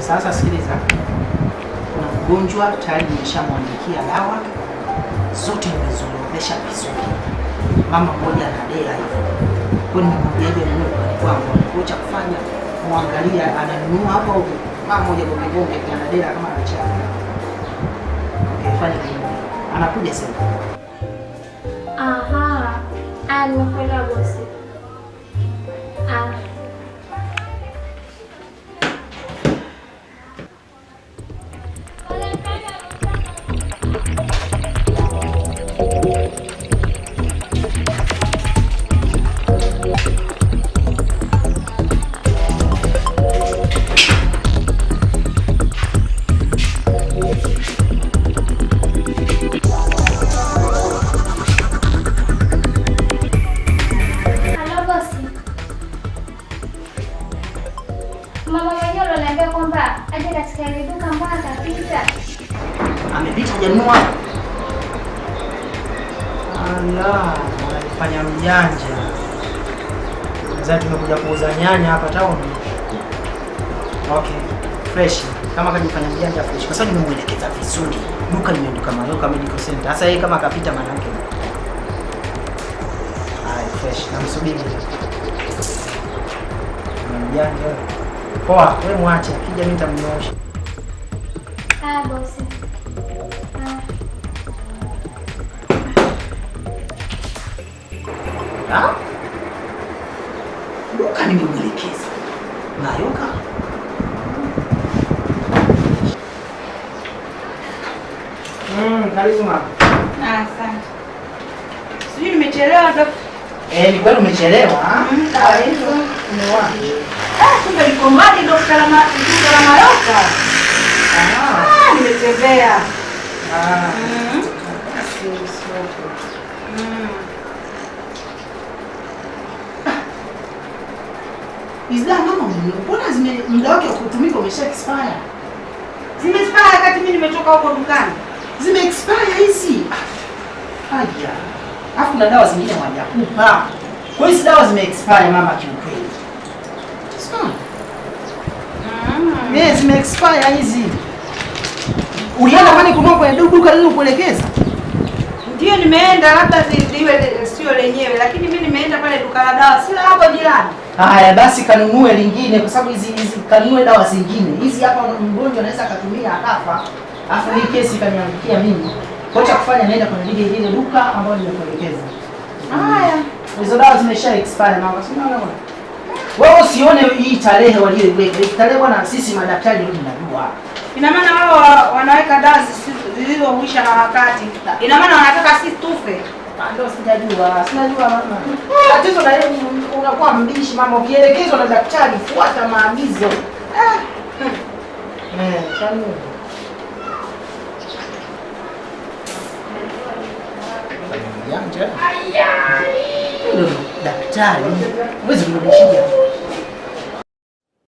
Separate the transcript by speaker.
Speaker 1: Sasa sikiliza, kuna mgonjwa tayari nimeshamwandikia dawa zote, nimeziorodhesha vizuri. Mama mmoja anadea hivyo, kwani mmojaje kwangu kwa cha kufanya muangalia, ananunua hapo au mama mmoja gomegome anadea kama anachana fanya nini? Anakuja sasa.
Speaker 2: Aha, nimekuelewa bosi. Mama mwenyewe aliniambia kwamba aje katika ile duka mbona atapita.
Speaker 1: Amepita Janua. Ala, anajifanya mjanja. Sasa tumekuja kuuza nyanya hapa town. Okay, fresh. Kama kajifanya mjanja fresh. Kwa sababu nimemuelekeza vizuri. Duka limeondoka Maroka Medical Center. Sasa yeye kama akapita manake. Ai, Namsubiri. Mjanja. Poa, we mwache, akija mimi nitamnyosha. Ah, bosi. Ah. Duka ah? nimemwelekeza. Nayoka. Mm, karibu mama.
Speaker 2: Ah, asante. Sijui nimechelewa doc.
Speaker 1: Eh, ni kweli umechelewa. Mm-hmm. Karibu. Ni wapi?
Speaker 2: kumbe mbali la Mayoka.
Speaker 1: Ah,
Speaker 2: nimetembea
Speaker 1: hmm. muda wake kutumika umesha expire? Zime expire wakati mimi nimetoka huko dukani, zime expire hizi. na dawa zingine hawajakupa. Kwa hiyo hizi dawa zime expire mama, kiukweli Eh, hizi. Ulienda kwani kununua kwenye duka lile kuelekeza?
Speaker 2: Ndio nimeenda labda ziwe sio lenyewe lakini mimi nimeenda pale duka la dawa sio hapo jirani.
Speaker 1: Haya basi kanunue lingine kwa sababu hizi hizi kanunue dawa zingine. Hizi hapa mgonjwa anaweza akatumia akafa. Alafu hii kesi kaniangukia mimi. Kwa cha kufanya naenda kwenye lile duka ambalo nimekuelekeza. Haya. Hizo dawa zimesha expire mama. Sinaona. Wewe usione hii tarehe waliyoweka. Hii tarehe bwana, sisi madaktari ndio tunajua.
Speaker 2: Ina maana wao wanaweka dawa zilizoisha na wakati. Ina maana wanataka sisi tufe.
Speaker 1: Ah, ndio sijajua. Sinajua mama. Tatizo la yeye unakuwa mbishi mama, ukielekezwa na daktari fuata maagizo.
Speaker 2: Eh.
Speaker 1: Hmm. Eh, tani. Yanja. 这里为什么能吃掉？